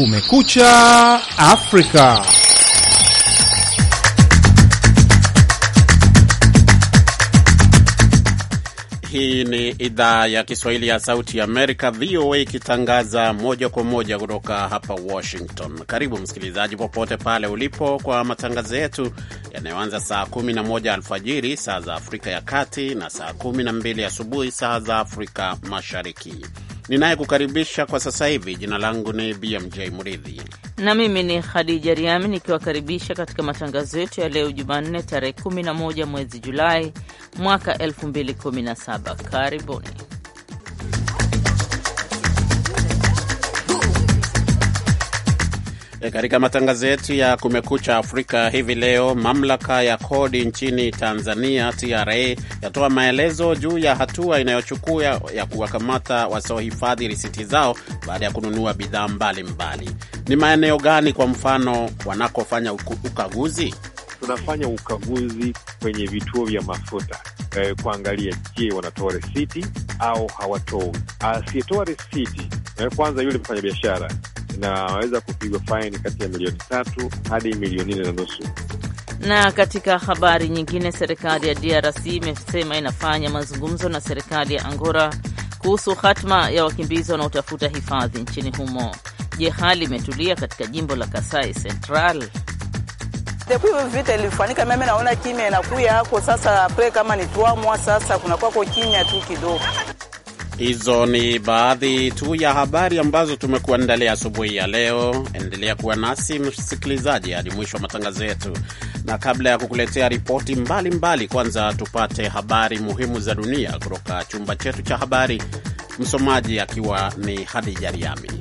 Kumekucha Afrika. Hii ni idhaa ya Kiswahili ya Sauti ya Amerika, VOA, ikitangaza moja kwa moja kutoka hapa Washington. Karibu msikilizaji, popote pale ulipo, kwa matangazo yetu yanayoanza saa 11 alfajiri saa za Afrika ya Kati na saa 12 asubuhi saa za Afrika Mashariki ninayekukaribisha kwa sasa hivi. Jina langu ni BMJ Muridhi na mimi ni Khadija Riami nikiwakaribisha katika matangazo yetu ya leo Jumanne tarehe 11 mwezi Julai mwaka 2017. Karibuni. E, katika matangazo yetu ya Kumekucha Afrika hivi leo, mamlaka ya kodi nchini Tanzania TRA yatoa maelezo juu ya hatua inayochukua ya, ya kuwakamata wasiohifadhi risiti zao baada ya kununua bidhaa mbalimbali. Ni maeneo gani kwa mfano wanakofanya ukaguzi? Tunafanya ukaguzi kwenye vituo vya mafuta eh, kuangalia je, wanatoa resiti au hawatoi. Asiyetoa resiti eh, kwanza yule mfanyabiashara na waweza kupigwa faini kati ya milioni tatu hadi milioni nne na nusu. Na katika habari nyingine, serikali ya DRC imesema inafanya mazungumzo na serikali ya Angola kuhusu hatma ya wakimbizi wanaotafuta hifadhi nchini humo. Je, hali imetulia katika jimbo la Kasai Central? Depuis vita ilifanyika, mimi naona kimya inakuya hako sasa, apre kama ni tuamwa sasa, kunakwako kimya tu kidogo. Hizo ni baadhi tu ya habari ambazo tumekuandalia asubuhi ya leo. Endelea kuwa nasi msikilizaji, hadi mwisho wa matangazo yetu, na kabla ya kukuletea ripoti mbalimbali, kwanza tupate habari muhimu za dunia kutoka chumba chetu cha habari, msomaji akiwa ni Hadija Riami.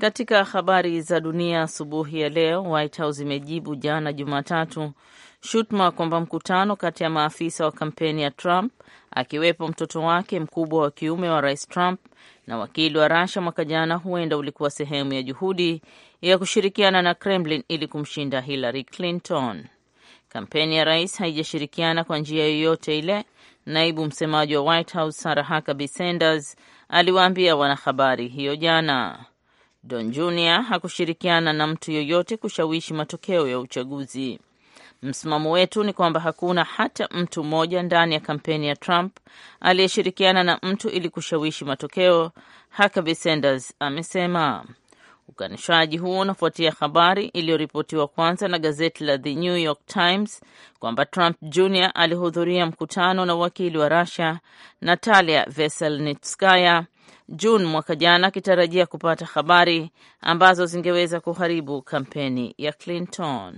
Katika habari za dunia asubuhi ya leo, White House imejibu jana Jumatatu shutuma kwamba mkutano kati ya maafisa wa kampeni ya Trump akiwepo mtoto wake mkubwa wa kiume wa Rais Trump na wakili wa Rasha mwaka jana huenda ulikuwa sehemu ya juhudi ya kushirikiana na Kremlin ili kumshinda Hillary Clinton. Kampeni ya rais haijashirikiana kwa njia yoyote ile, naibu msemaji wa White House Sarah Huckabee Sanders aliwaambia wanahabari hiyo jana. Don Junior hakushirikiana na mtu yoyote kushawishi matokeo ya uchaguzi. Msimamo wetu ni kwamba hakuna hata mtu mmoja ndani ya kampeni ya Trump aliyeshirikiana na mtu ili kushawishi matokeo, Huckabee Sanders amesema. Ukanishaji huo unafuatia habari iliyoripotiwa kwanza na gazeti la The New York Times kwamba Trump Jr alihudhuria mkutano na wakili wa Russia Natalia Veselnitskaya Juni mwaka jana, akitarajia kupata habari ambazo zingeweza kuharibu kampeni ya Clinton.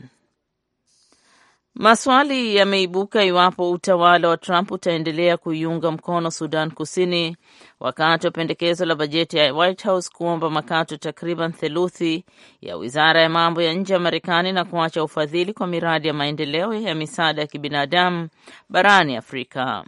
Maswali yameibuka iwapo utawala wa Trump utaendelea kuiunga mkono Sudan Kusini wakati wa pendekezo la bajeti ya White House kuomba makato takriban theluthi ya wizara ya mambo ya nje ya Marekani na kuacha ufadhili kwa miradi ya maendeleo ya misaada ya kibinadamu barani Afrika.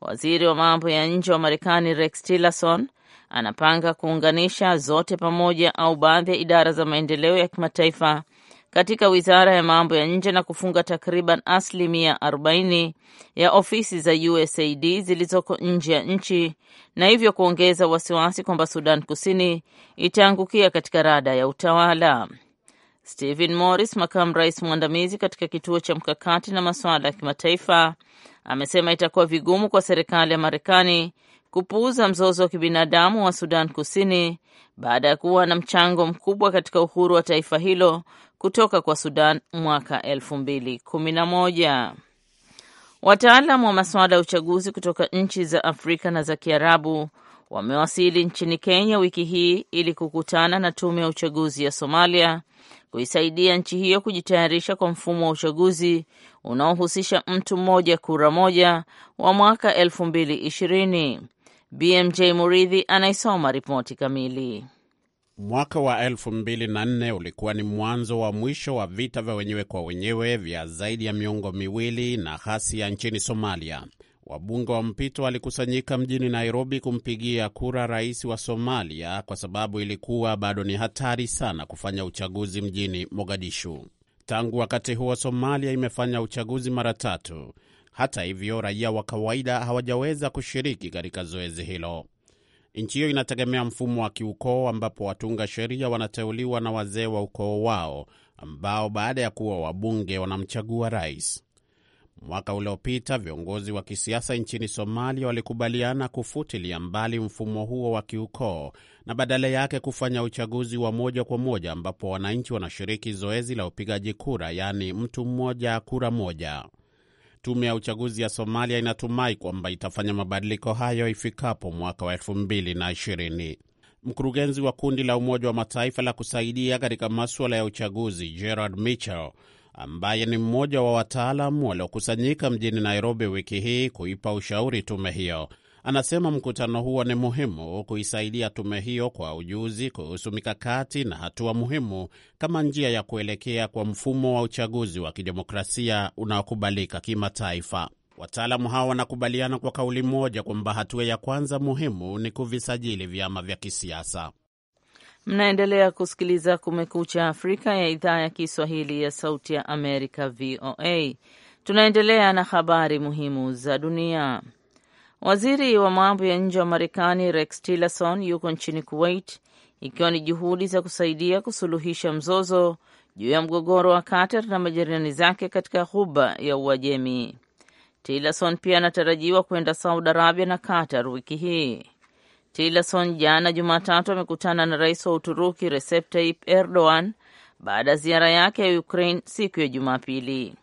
Waziri wa mambo ya nje wa Marekani Rex Tillerson anapanga kuunganisha zote pamoja au baadhi ya idara za maendeleo ya kimataifa katika wizara ya mambo ya nje na kufunga takriban asilimia 40 ya ofisi za USAID zilizoko nje ya nchi na hivyo kuongeza wasiwasi kwamba Sudan Kusini itaangukia katika rada ya utawala. Stephen Morris, makamu rais mwandamizi katika kituo cha mkakati na masuala ya kimataifa, amesema itakuwa vigumu kwa serikali ya Marekani kupuuza mzozo wa kibinadamu wa Sudan Kusini baada ya kuwa na mchango mkubwa katika uhuru wa taifa hilo kutoka kwa Sudan mwaka 2011. Wataalam wa masuala ya uchaguzi kutoka nchi za Afrika na za Kiarabu wamewasili nchini Kenya wiki hii ili kukutana na tume ya uchaguzi ya Somalia kuisaidia nchi hiyo kujitayarisha kwa mfumo wa uchaguzi unaohusisha mtu mmoja kura moja wa mwaka 2020. BMJ Muridhi anaisoma ripoti kamili. Mwaka wa 2004 ulikuwa ni mwanzo wa mwisho wa vita vya wenyewe kwa wenyewe vya zaidi ya miongo miwili na ghasia nchini Somalia. Wabunge wa mpito walikusanyika mjini Nairobi kumpigia kura rais wa Somalia kwa sababu ilikuwa bado ni hatari sana kufanya uchaguzi mjini Mogadishu. Tangu wakati huo, Somalia imefanya uchaguzi mara tatu. Hata hivyo, raia wa kawaida hawajaweza kushiriki katika zoezi hilo. Nchi hiyo inategemea mfumo wa kiukoo ambapo watunga sheria wanateuliwa na wazee wa ukoo wao ambao baada ya kuwa wabunge wanamchagua rais. Mwaka uliopita viongozi wa kisiasa nchini Somalia walikubaliana kufutilia mbali mfumo huo wa kiukoo na badala yake kufanya uchaguzi wa moja kwa moja ambapo wananchi wanashiriki zoezi la upigaji kura, yaani mtu mmoja kura moja. Tume ya uchaguzi ya Somalia inatumai kwamba itafanya mabadiliko hayo ifikapo mwaka wa elfu mbili na ishirini. Mkurugenzi wa kundi la Umoja wa Mataifa la kusaidia katika maswala ya uchaguzi Gerard Mitchell ambaye ni mmoja wa wataalam waliokusanyika mjini Nairobi wiki hii kuipa ushauri tume hiyo Anasema mkutano huo ni muhimu kuisaidia tume hiyo kwa ujuzi kuhusu mikakati na hatua muhimu kama njia ya kuelekea kwa mfumo wa uchaguzi wa kidemokrasia unaokubalika kimataifa. Wataalamu hawo wanakubaliana kwa kauli moja kwamba hatua ya kwanza muhimu ni kuvisajili vyama vya kisiasa. Mnaendelea kusikiliza Kumekucha Afrika ya idhaa ya Kiswahili ya Sauti ya Amerika, VOA. Tunaendelea na habari muhimu za dunia. Waziri wa mambo ya nje wa Marekani Rex Tillerson yuko nchini Kuwait ikiwa ni juhudi za kusaidia kusuluhisha mzozo juu ya mgogoro wa Qatar na majirani zake katika ghuba ya Uajemi. Tillerson pia anatarajiwa kwenda Saudi Arabia na Qatar wiki hii. Tillerson jana Jumatatu amekutana na rais wa Uturuki Recep Tayyip Erdogan baada ya ziara yake ya Ukraine siku ya Jumapili.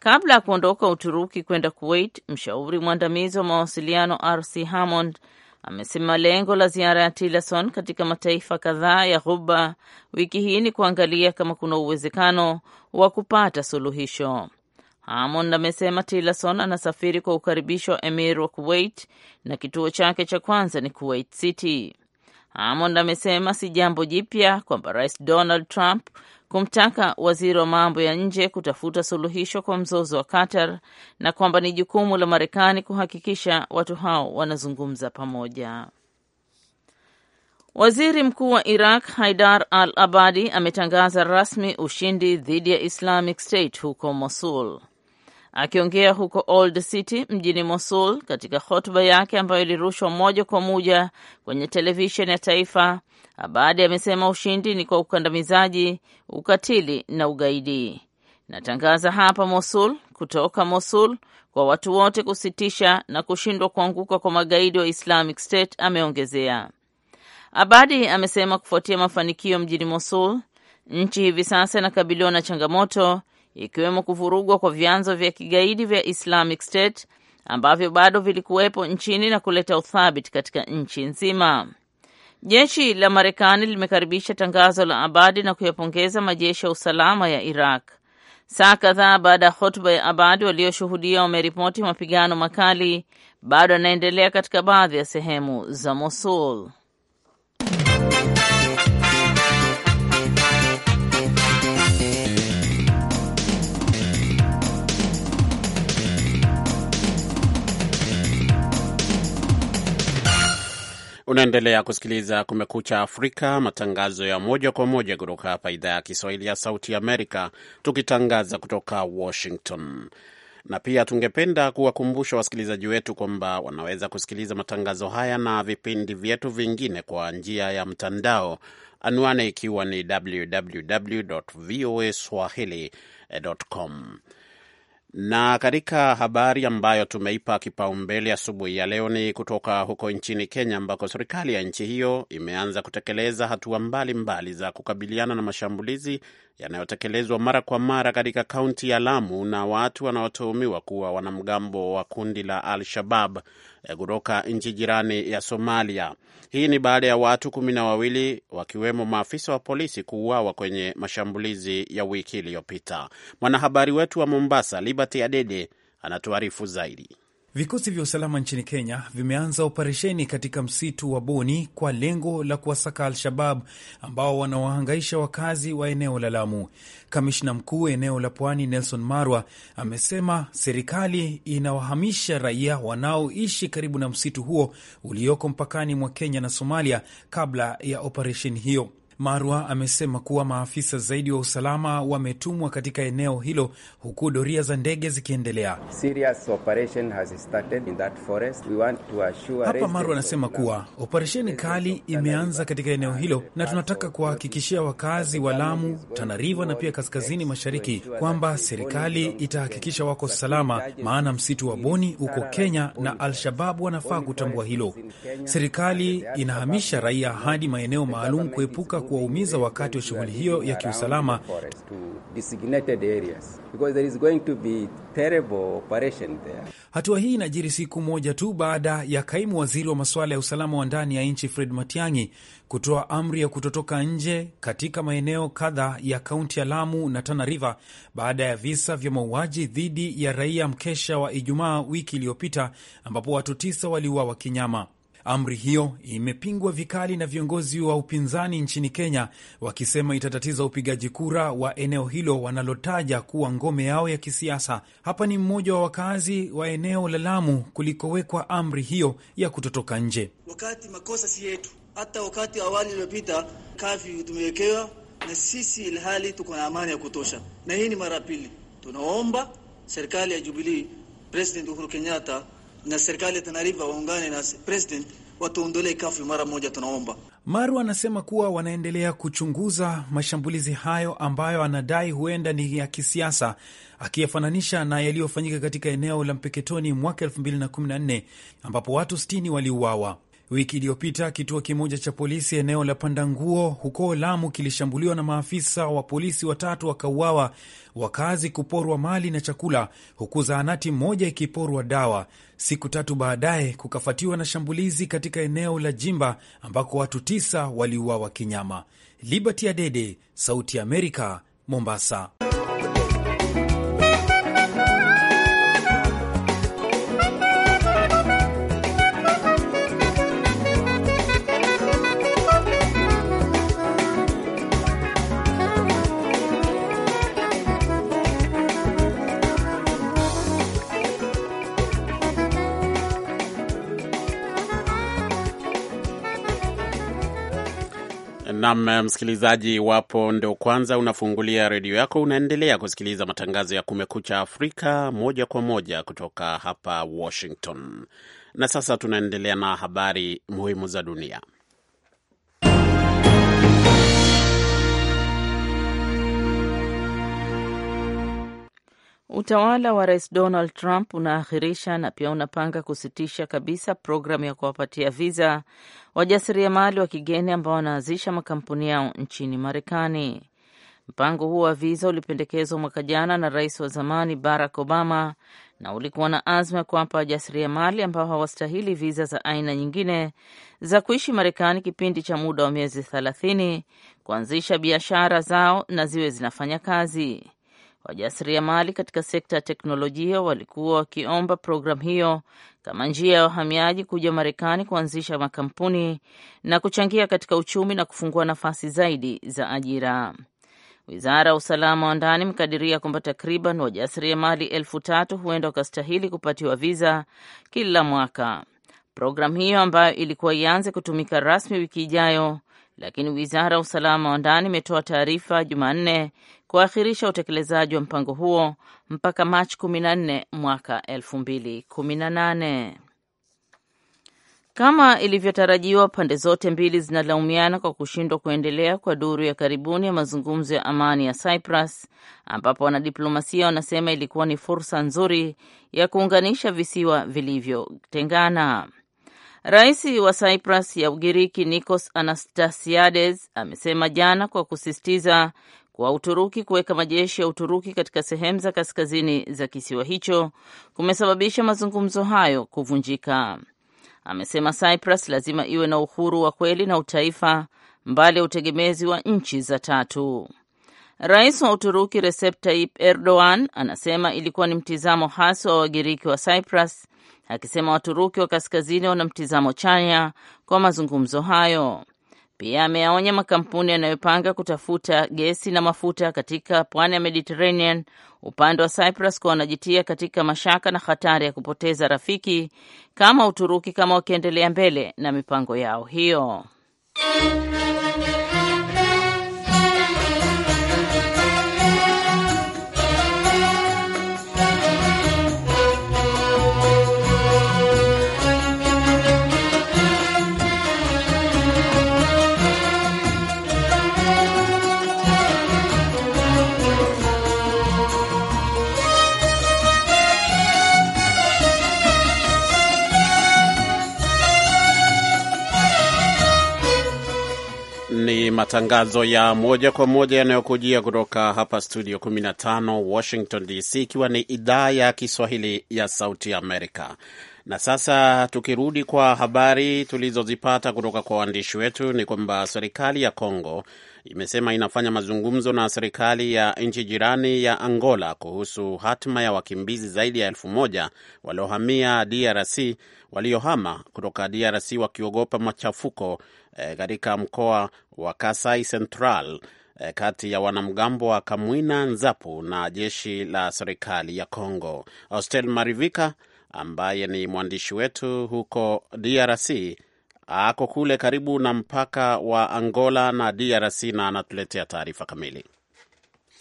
Kabla ya kuondoka Uturuki kwenda Kuwait, mshauri mwandamizi wa mawasiliano RC Hammond amesema lengo la ziara ya Tillerson katika mataifa kadhaa ya Ghuba wiki hii ni kuangalia kama kuna uwezekano wa kupata suluhisho. Hammond amesema Tillerson anasafiri kwa ukaribisho wa emir wa Kuwait na kituo chake cha kwanza ni Kuwait City. Hammond amesema si jambo jipya kwamba Rais Donald Trump kumtaka waziri wa mambo ya nje kutafuta suluhisho kwa mzozo wa Qatar na kwamba ni jukumu la Marekani kuhakikisha watu hao wanazungumza pamoja. Waziri Mkuu wa Iraq Haidar al-Abadi ametangaza rasmi ushindi dhidi ya Islamic State huko Mosul. Akiongea huko Old City mjini Mosul, katika hotuba yake ambayo ilirushwa moja kwa moja kwenye televisheni ya taifa, Abadi amesema ushindi ni kwa ukandamizaji, ukatili na ugaidi. Natangaza hapa Mosul, kutoka Mosul, kwa watu wote kusitisha na kushindwa kuanguka kwa magaidi wa Islamic State, ameongezea. Abadi amesema kufuatia mafanikio mjini Mosul, nchi hivi sasa inakabiliwa na changamoto ikiwemo kuvurugwa kwa vyanzo vya kigaidi vya Islamic State ambavyo bado vilikuwepo nchini na kuleta uthabiti katika nchi nzima. Jeshi la Marekani limekaribisha tangazo la Abadi na kuyapongeza majeshi ya usalama ya Iraq. Saa kadhaa baada ya hotuba ya Abadi, walioshuhudia wameripoti mapigano makali bado yanaendelea katika baadhi ya sehemu za Mosul. Unaendelea kusikiliza Kumekucha Afrika, matangazo ya moja kwa moja kutoka hapa idhaa ya Kiswahili ya Sauti Amerika, tukitangaza kutoka Washington. Na pia tungependa kuwakumbusha wasikilizaji wetu kwamba wanaweza kusikiliza matangazo haya na vipindi vyetu vingine kwa njia ya mtandao, anwani ikiwa ni www voa swahili com na katika habari ambayo tumeipa kipaumbele asubuhi ya, leo ni kutoka huko nchini Kenya ambako serikali ya nchi hiyo imeanza kutekeleza hatua mbalimbali za kukabiliana na mashambulizi yanayotekelezwa mara kwa mara katika kaunti ya Lamu na watu wanaotuhumiwa kuwa wanamgambo wa kundi la Al-Shabab eh, kutoka nchi jirani ya Somalia. Hii ni baada ya watu kumi na wawili wakiwemo maafisa wa polisi kuuawa kwenye mashambulizi ya wiki iliyopita. Mwanahabari wetu wa Mombasa, Liberty Adede, anatuarifu zaidi. Vikosi vya usalama nchini Kenya vimeanza operesheni katika msitu wa Boni kwa lengo la kuwasaka Al-Shabab ambao wanawahangaisha wakazi wa eneo la Lamu. Kamishna mkuu eneo la Pwani Nelson Marwa amesema serikali inawahamisha raia wanaoishi karibu na msitu huo ulioko mpakani mwa Kenya na Somalia kabla ya operesheni hiyo. Marwa amesema kuwa maafisa zaidi wa usalama wametumwa katika eneo hilo huku doria za ndege zikiendelea. Hapa Marwa anasema kuwa operesheni kali imeanza katika eneo hilo na tunataka kuwahakikishia wakazi wa Lamu, Tana River na pia kaskazini mashariki kwamba serikali itahakikisha wako salama, maana msitu wa Boni uko Kenya na Al-Shababu wanafaa kutambua hilo. Serikali inahamisha raia hadi maeneo maalum kuepuka kuwaumiza wakati wa shughuli hiyo ya kiusalama. Hatua hii inajiri siku moja tu baada ya kaimu waziri wa masuala ya usalama wa ndani ya nchi Fred Matiang'i kutoa amri ya kutotoka nje katika maeneo kadha ya kaunti ya Lamu na Tana River baada ya visa vya mauaji dhidi ya raia mkesha wa Ijumaa wiki iliyopita ambapo watu tisa waliuawa kinyama. Amri hiyo imepingwa vikali na viongozi wa upinzani nchini Kenya, wakisema itatatiza upigaji kura wa eneo hilo wanalotaja kuwa ngome yao ya kisiasa. Hapa ni mmoja wa wakazi wa eneo la Lamu kulikowekwa amri hiyo ya kutotoka nje. Wakati makosa si yetu, hata wakati awali iliyopita kafi tumewekewa na sisi, ilhali tuko na amani ya kutosha, na hii ni mara pili. Tunaomba serikali ya Jubilii, President Uhuru Kenyatta na serikali ya Tanariva waungane na president watuondolee kafu mara moja, tunaomba. Maru anasema kuwa wanaendelea kuchunguza mashambulizi hayo ambayo anadai huenda ni ya kisiasa, akiyafananisha na yaliyofanyika katika eneo la Mpeketoni mwaka 2014 ambapo watu 60 waliuawa. Wiki iliyopita kituo kimoja cha polisi eneo la panda nguo huko Lamu kilishambuliwa na maafisa wa polisi watatu wakauawa, wakazi kuporwa mali na chakula, huku zahanati moja ikiporwa dawa. Siku tatu baadaye kukafuatiwa na shambulizi katika eneo la Jimba ambako watu tisa waliuawa kinyama. Liberty Adede, Sauti ya Amerika, Mombasa. Nam msikilizaji, iwapo ndio kwanza unafungulia redio yako, unaendelea kusikiliza matangazo ya Kumekucha Afrika moja kwa moja kutoka hapa Washington. Na sasa tunaendelea na habari muhimu za dunia. Utawala wa Rais Donald Trump unaakhirisha na pia unapanga kusitisha kabisa programu ya kuwapatia viza wajasiriamali wa kigeni ambao wanaanzisha makampuni yao nchini Marekani. Mpango huo wa viza ulipendekezwa mwaka jana na rais wa zamani Barack Obama na ulikuwa na azma ya kuwapa wajasiriamali ambao hawastahili viza za aina nyingine za kuishi Marekani kipindi cha muda wa miezi thelathini kuanzisha biashara zao na ziwe zinafanya kazi. Wajasiriamali katika sekta ya teknolojia walikuwa wakiomba programu hiyo kama njia ya wahamiaji kuja Marekani kuanzisha makampuni na kuchangia katika uchumi na kufungua nafasi zaidi za ajira. Wizara ya usalama wa ndani mkadiria kwamba takriban wajasiriamali elfu tatu huenda wakastahili kupatiwa viza kila mwaka. Programu hiyo ambayo ilikuwa ianze kutumika rasmi wiki ijayo, lakini wizara ya usalama wa ndani imetoa taarifa Jumanne kuahirisha utekelezaji wa mpango huo mpaka Machi 14 mwaka 2018. Kama ilivyotarajiwa, pande zote mbili zinalaumiana kwa kushindwa kuendelea kwa duru ya karibuni ya mazungumzo ya amani ya Cyprus, ambapo wanadiplomasia wanasema ilikuwa ni fursa nzuri ya kuunganisha visiwa vilivyotengana. Rais wa Cyprus ya Ugiriki Nikos Anastasiades amesema jana kwa kusisitiza kwa Uturuki kuweka majeshi ya Uturuki katika sehemu za kaskazini za kisiwa hicho kumesababisha mazungumzo hayo kuvunjika. Amesema Cyprus lazima iwe na uhuru wa kweli na utaifa mbali ya utegemezi wa nchi za tatu. Rais wa Uturuki Recep Tayyip Erdogan anasema ilikuwa ni mtizamo hasi wa Wagiriki wa Cyprus, akisema Waturuki wa kaskazini wana mtizamo chanya kwa mazungumzo hayo. Pia ameyaonya makampuni yanayopanga kutafuta gesi na mafuta katika pwani ya Mediterranean upande wa Cyprus kuwa wanajitia katika mashaka na hatari ya kupoteza rafiki kama Uturuki kama wakiendelea mbele na mipango yao hiyo. matangazo ya moja kwa moja yanayokujia kutoka hapa studio 15 Washington DC, ikiwa ni idhaa ya Kiswahili ya Sauti Amerika. Na sasa tukirudi kwa habari tulizozipata kutoka kwa waandishi wetu, ni kwamba serikali ya congo imesema inafanya mazungumzo na serikali ya nchi jirani ya Angola kuhusu hatima ya wakimbizi zaidi ya elfu moja waliohamia DRC waliohama kutoka DRC wakiogopa machafuko eh, katika mkoa wa Kasai Central eh, kati ya wanamgambo wa Kamwina Nzapu na jeshi la serikali ya Congo. Austel Marivika ambaye ni mwandishi wetu huko DRC ako kule karibu na mpaka wa Angola na DRC na anatuletea taarifa kamili.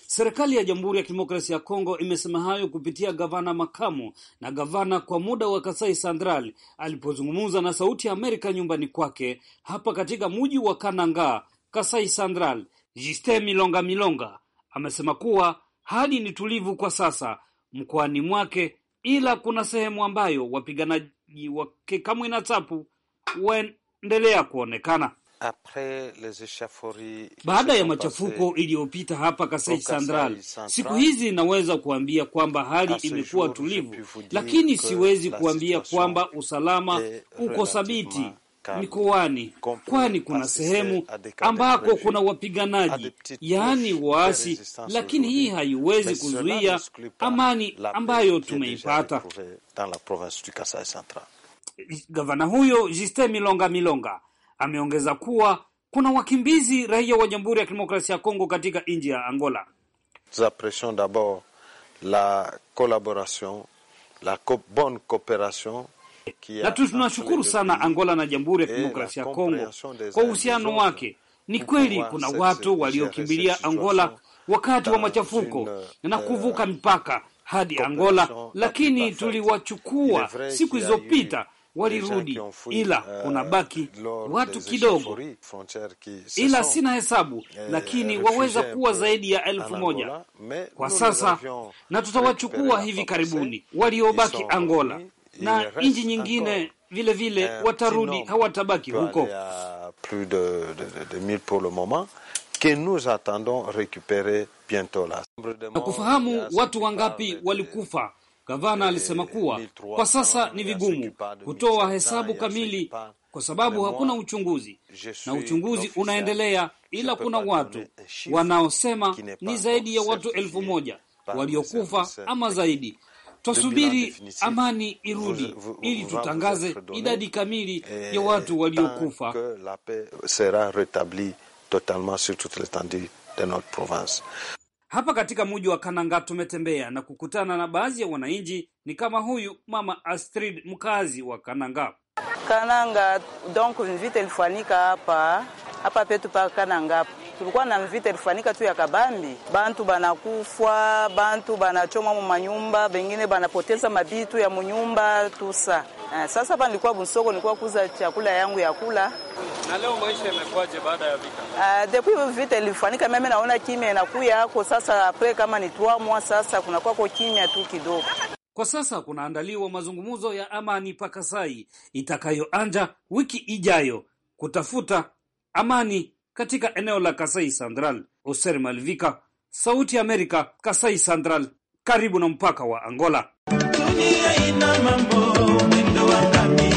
Serikali ya Jamhuri ya Kidemokrasia ya Kongo imesema hayo kupitia gavana makamu na gavana kwa muda wa Kasai Central alipozungumza na Sauti ya Amerika nyumbani kwake hapa katika mji wa Kananga, Kasai Central. Jiste Milonga Milonga amesema kuwa hali ni tulivu kwa sasa mkoani mwake, ila kuna sehemu ambayo wapiganaji wa na tapu waendelea kuonekana. Baada ya machafuko iliyopita hapa Kasai Central, siku hizi naweza kuambia kwamba hali imekuwa tulivu, lakini siwezi kuambia kwamba usalama uko thabiti mikoani, kwani kuna sehemu ambako kuna wapiganaji, yaani waasi, lakini hii haiwezi kuzuia amani ambayo tumeipata. Gavana huyo Justin Milonga Milonga ameongeza kuwa kuna wakimbizi raia wa Jamhuri ya Kidemokrasia ya Kongo katika nchi ya Angola. za pression d'abord la collaboration, la co bonne coopération na tunashukuru sana Angola na Jamhuri ya Kidemokrasia ya Kongo kwa uhusiano wake. Ni kweli kuna watu waliokimbilia Angola wakati wa machafuko euh, na kuvuka mpaka hadi Angola, lakini tuliwachukua siku zilizopita walirudi, ila baki uh, watu kidogo, ila sina hesabu, eh, eh, lakini eh, waweza kuwa zaidi ya elfu moja kwa sasa, na tutawachukua hivi karibuni waliobaki Angola na nchi nyingine vilevile vile, watarudi hawatabaki huko. Na kufahamu watu wangapi walikufa Gavana alisema kuwa kwa sasa ni vigumu kutoa hesabu kamili kwa sababu hakuna uchunguzi na uchunguzi unaendelea, ila kuna watu wanaosema ni zaidi ya watu elfu moja waliokufa ama zaidi. Twasubiri amani irudi ili tutangaze idadi kamili ya watu waliokufa. Hapa katika muji wa Kananga tumetembea na kukutana na baadhi ya wananchi, ni kama huyu mama Astrid, mkazi wa Kananga. Kananga donc mvita ilifanyika hapa hapa petu pa Kananga, tulikuwa na mvita ilifanyika tu ya kabambi, bantu banakufwa, bantu banachoma mu manyumba, bengine banapoteza mabitu ya munyumba tusa. Ah, sasa hapa nilikuwa Bunsoko, nilikuwa kuza chakula yangu ya kula na leo maisha imekuwaje baada ya vita? Uh, depuis vita ilifanyika, mimi naona kimya inakuya hako sasa, pre kama ni tuamwa sasa, kuna kwako kimya tu kidogo. Kwa sasa kunaandaliwa mazungumzo ya amani Pakasai itakayoanja wiki ijayo kutafuta amani katika eneo la Kasai Central. Oser Malvika, Sauti ya Amerika, Kasai Central, karibu na mpaka wa Angola. Dunia ina mambo, mwendo wa ngamia.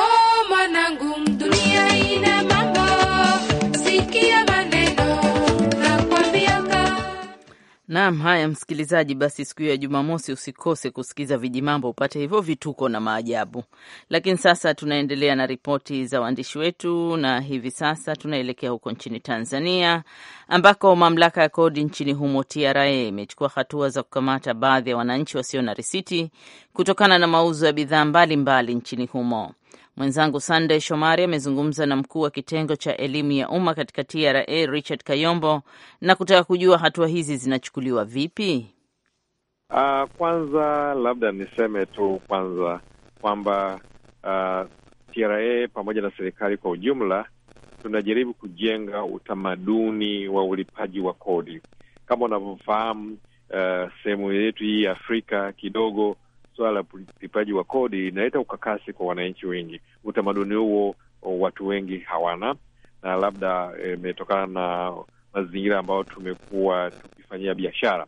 Naam, haya msikilizaji, basi siku ya Jumamosi usikose kusikiza Vijimambo upate hivyo vituko na maajabu. Lakini sasa tunaendelea na ripoti za waandishi wetu, na hivi sasa tunaelekea huko nchini Tanzania ambako mamlaka ya kodi nchini humo TRA imechukua hatua za kukamata baadhi ya wananchi wasio na risiti kutokana na mauzo ya bidhaa mbalimbali nchini humo. Mwenzangu sandey Shomari amezungumza na mkuu wa kitengo cha elimu ya umma katika TRA Richard Kayombo na kutaka kujua hatua hizi zinachukuliwa vipi. Uh, kwanza labda niseme tu kwanza kwamba uh, ah, TRA pamoja na serikali kwa ujumla tunajaribu kujenga utamaduni wa ulipaji wa kodi. Kama unavyofahamu, uh, sehemu yetu hii ya Afrika kidogo suala la ulipaji wa kodi inaleta ukakasi kwa wananchi wengi. Utamaduni huo watu wengi hawana, na labda e, imetokana e, na mazingira ambayo tumekuwa tukifanyia biashara.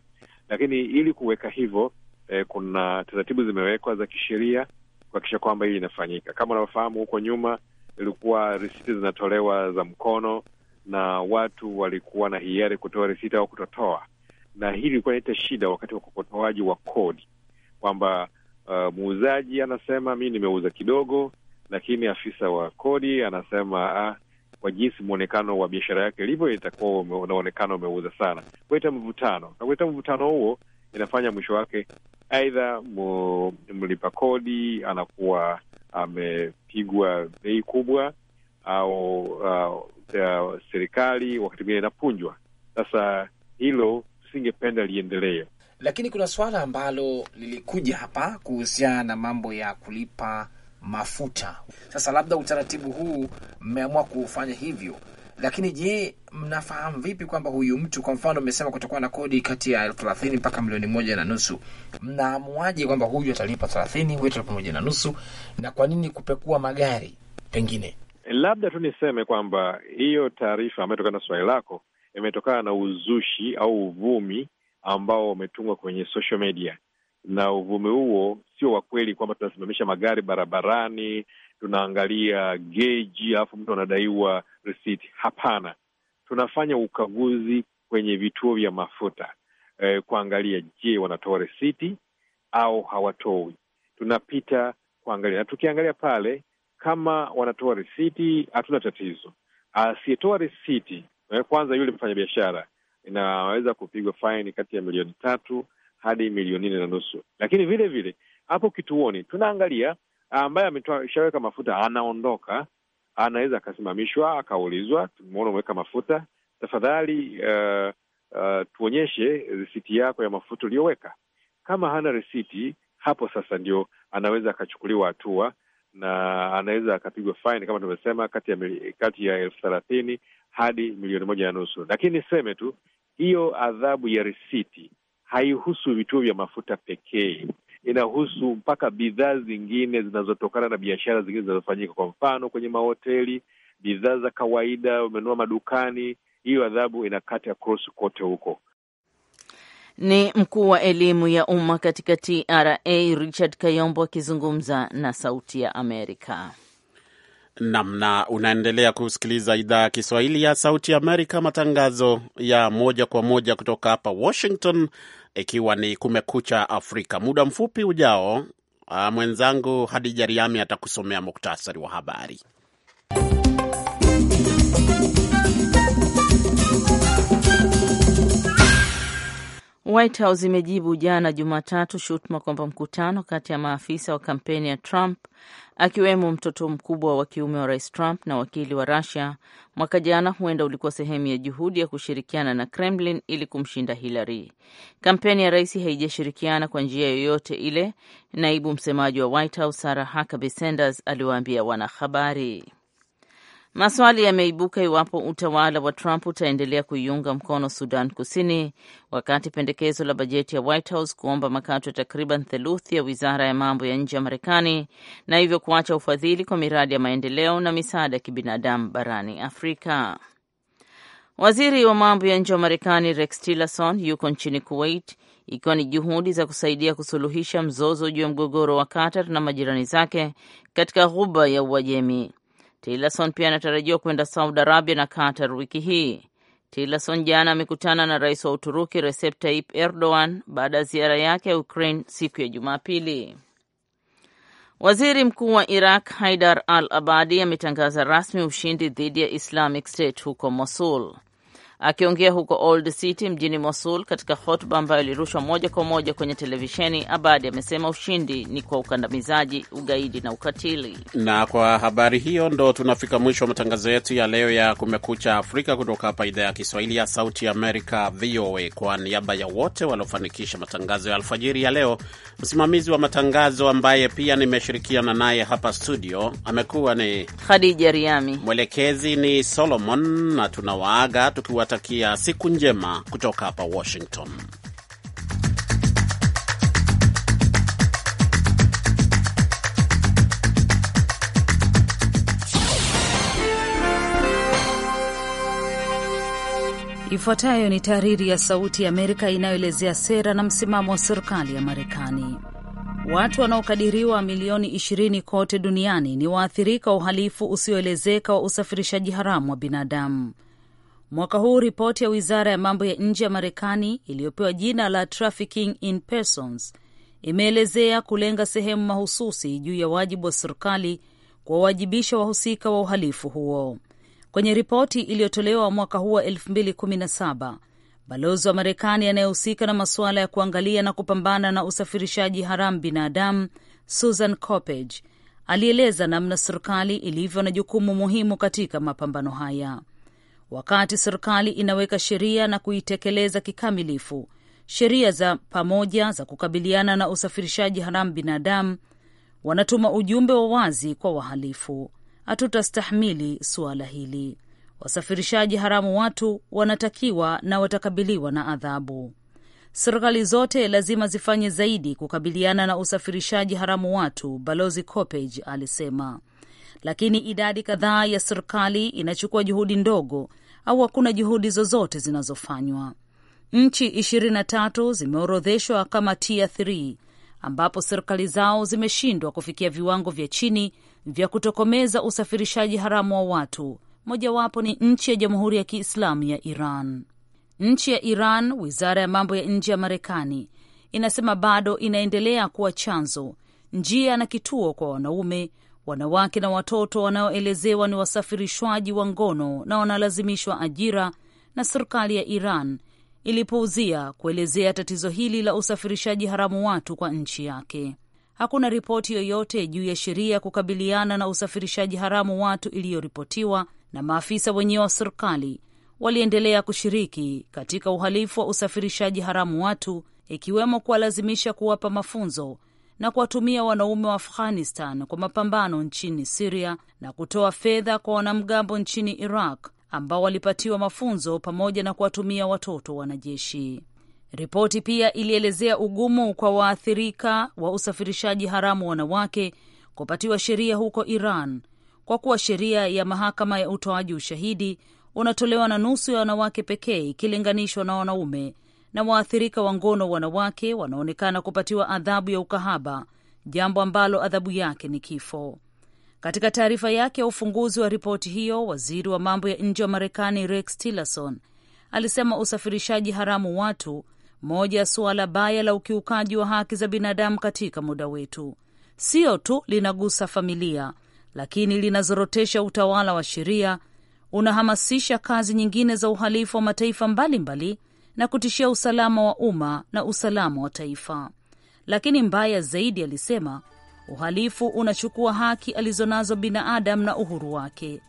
Lakini ili kuweka hivyo e, kuna taratibu zimewekwa za kisheria kuhakikisha kwamba hili inafanyika. Kama unavyofahamu, huko nyuma ilikuwa risiti zinatolewa za mkono na watu walikuwa na hiari kutoa risiti au kutotoa, na hili ilikuwa inaleta shida wakati wa ukokotoaji wa kodi kwamba uh, muuzaji anasema mi nimeuza kidogo, lakini afisa wa kodi anasema ah, kwa jinsi mwonekano wa biashara yake ilivyo itakuwa unaonekana umeuza sana, kuleta mvutano na kuleta mvutano huo inafanya mwisho wake aidha mlipa kodi anakuwa amepigwa bei kubwa au uh, serikali wakati mwingine inapunjwa. Sasa hilo tusingependa liendelee. Lakini kuna swala ambalo lilikuja hapa kuhusiana na mambo ya kulipa mafuta. Sasa labda utaratibu huu mmeamua kufanya hivyo, lakini je, mnafahamu vipi kwamba huyu mtu kwa mfano mmesema kutakuwa na kodi kati ya elfu thelathini mpaka milioni moja na nusu mnaamuaje kwamba huyu atalipa thelathini huyu atalipa moja na nusu na kwa nini kupekua magari? Pengine labda tu niseme kwamba hiyo taarifa ambayo tokana na swali lako imetokana na uzushi au uvumi ambao wametungwa kwenye social media, na uvumi huo sio wa kweli, kwamba tunasimamisha magari barabarani, tunaangalia geji, alafu mtu anadaiwa risiti. Hapana, tunafanya ukaguzi kwenye vituo vya mafuta eh, kuangalia je, wanatoa resiti au hawatoi. Tunapita kuangalia, na tukiangalia pale kama wanatoa resiti hatuna tatizo. Asiyetoa risiti, eh, kwanza yule mfanyabiashara inaweza kupigwa faini kati ya milioni tatu hadi milioni nne na nusu. Lakini vile vile hapo kituoni tunaangalia ah, ambaye ameshaweka mafuta anaondoka, anaweza akasimamishwa, akaulizwa, tumeona umeweka mafuta, tafadhali uh, uh, tuonyeshe risiti yako ya mafuta uliyoweka. Kama hana risiti, hapo sasa ndio anaweza akachukuliwa hatua na anaweza akapigwa faini kama tumesema, kati ya kati ya elfu thelathini hadi milioni moja na nusu. Lakini niseme tu hiyo adhabu ya risiti haihusu vituo vya mafuta pekee, inahusu mpaka bidhaa zingine zinazotokana na biashara zingine zinazofanyika, kwa mfano kwenye mahoteli, bidhaa za kawaida, umenunua madukani. Hiyo adhabu inakata across kote huko. Ni mkuu wa elimu ya umma katika TRA Richard Kayombo akizungumza na Sauti ya Amerika namna unaendelea kusikiliza idhaa ya Kiswahili ya Sauti Amerika, matangazo ya moja kwa moja kutoka hapa Washington, ikiwa ni Kumekucha Afrika. Muda mfupi ujao, ah, mwenzangu Hadija Riami atakusomea muktasari wa habari. White House imejibu jana Jumatatu shutuma kwamba mkutano kati ya maafisa wa kampeni ya Trump akiwemo mtoto mkubwa wa kiume wa Rais Trump na wakili wa Russia mwaka jana huenda ulikuwa sehemu ya juhudi ya kushirikiana na Kremlin ili kumshinda Hillary. Kampeni ya rais haijashirikiana kwa njia yoyote ile, naibu msemaji wa White House Sarah Huckabee Sanders aliwaambia wanahabari. Maswali yameibuka iwapo utawala wa Trump utaendelea kuiunga mkono Sudan Kusini wakati pendekezo la bajeti ya White House kuomba makato ya takriban theluthi ya wizara ya mambo ya nje ya Marekani na hivyo kuacha ufadhili kwa miradi ya maendeleo na misaada ya kibinadamu barani Afrika. Waziri wa mambo ya nje wa Marekani Rex Tillerson yuko nchini Kuwait ikiwa ni juhudi za kusaidia kusuluhisha mzozo juu ya mgogoro wa Qatar na majirani zake katika ghuba ya Uajemi. Tillerson pia anatarajiwa kwenda Saudi Arabia na Qatar wiki hii. Tillerson jana amekutana na rais wa Uturuki Recep Tayyip Erdogan baada ya ziara yake ya Ukraine siku ya Jumapili. Waziri mkuu wa Iraq Haidar al Abadi ametangaza rasmi ushindi dhidi ya Islamic State huko Mosul. Akiongea huko Old City mjini Mosul, katika hotuba ambayo ilirushwa moja kwa moja kwenye televisheni, Abadi amesema ushindi ni kwa ukandamizaji, ugaidi na ukatili. Na kwa habari hiyo ndo tunafika mwisho wa matangazo yetu ya leo ya Kumekucha Afrika kutoka hapa idhaa ya Kiswahili ya Sauti ya Amerika, VOA. Kwa niaba ya wote waliofanikisha matangazo ya alfajiri ya leo, msimamizi wa matangazo ambaye pia nimeshirikiana naye hapa studio amekuwa ni Khadija Riami, mwelekezi ni Solomon na tunawaaga tukiwa nikikutakia siku njema kutoka hapa Washington. Ifuatayo ni tahariri ya Sauti ya Amerika inayoelezea sera na msimamo wa serikali ya Marekani. Watu wanaokadiriwa milioni 20 kote duniani ni waathirika wa uhalifu usioelezeka wa usafirishaji haramu wa binadamu. Mwaka huu ripoti ya wizara ya mambo ya nje ya Marekani iliyopewa jina la Trafficking in Persons imeelezea kulenga sehemu mahususi juu ya wajibu wa serikali kuwawajibisha wahusika wa uhalifu huo. Kwenye ripoti iliyotolewa mwaka huu wa 2017 balozi wa Marekani anayehusika na masuala ya kuangalia na kupambana na usafirishaji haramu binadamu Susan Coppage alieleza namna serikali ilivyo na jukumu muhimu katika mapambano haya. Wakati serikali inaweka sheria na kuitekeleza kikamilifu sheria za pamoja za kukabiliana na usafirishaji haramu binadamu, wanatuma ujumbe wa wazi kwa wahalifu: hatutastahimili suala hili. Wasafirishaji haramu watu wanatakiwa na watakabiliwa na adhabu. Serikali zote lazima zifanye zaidi kukabiliana na usafirishaji haramu watu, Balozi Kopech alisema lakini idadi kadhaa ya serikali inachukua juhudi ndogo au hakuna juhudi zozote zinazofanywa. Nchi 23 zimeorodheshwa kama tier 3 ambapo serikali zao zimeshindwa kufikia viwango vya chini vya kutokomeza usafirishaji haramu wa watu. Mojawapo ni nchi ya Jamhuri ya Kiislamu ya Iran. Nchi ya Iran, wizara ya mambo ya nje ya Marekani inasema bado inaendelea kuwa chanzo, njia na kituo kwa wanaume wanawake na watoto wanaoelezewa ni wasafirishwaji wa ngono na wanalazimishwa ajira, na serikali ya Iran ilipouzia kuelezea tatizo hili la usafirishaji haramu watu kwa nchi yake. Hakuna ripoti yoyote juu ya sheria ya kukabiliana na usafirishaji haramu watu iliyoripotiwa, na maafisa wenyewe wa serikali waliendelea kushiriki katika uhalifu wa usafirishaji haramu watu, ikiwemo kuwalazimisha kuwapa mafunzo na kuwatumia wanaume wa Afghanistan kwa mapambano nchini Siria na kutoa fedha kwa wanamgambo nchini Iraq ambao walipatiwa mafunzo pamoja na kuwatumia watoto wanajeshi. Ripoti pia ilielezea ugumu kwa waathirika wa usafirishaji haramu wanawake kupatiwa sheria huko Iran kwa kuwa sheria ya mahakama ya utoaji ushahidi unatolewa na nusu ya wanawake pekee ikilinganishwa na wanaume na waathirika wa ngono wanawake wanaonekana kupatiwa adhabu ya ukahaba, jambo ambalo adhabu yake ni kifo. Katika taarifa yake ya ufunguzi wa ripoti hiyo, waziri wa mambo ya nje wa Marekani Rex Tillerson alisema usafirishaji haramu watu moja ya suala baya la ukiukaji wa haki za binadamu katika muda wetu. Sio tu linagusa familia, lakini linazorotesha utawala wa sheria, unahamasisha kazi nyingine za uhalifu wa mataifa mbalimbali mbali, na kutishia usalama wa umma na usalama wa taifa. Lakini mbaya zaidi, alisema uhalifu unachukua haki alizonazo binadamu na uhuru wake.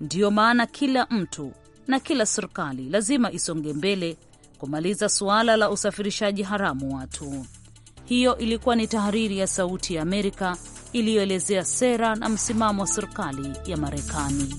Ndiyo maana kila mtu na kila serikali lazima isonge mbele kumaliza suala la usafirishaji haramu watu. Hiyo ilikuwa ni tahariri ya Sauti ya Amerika iliyoelezea sera na msimamo wa serikali ya Marekani.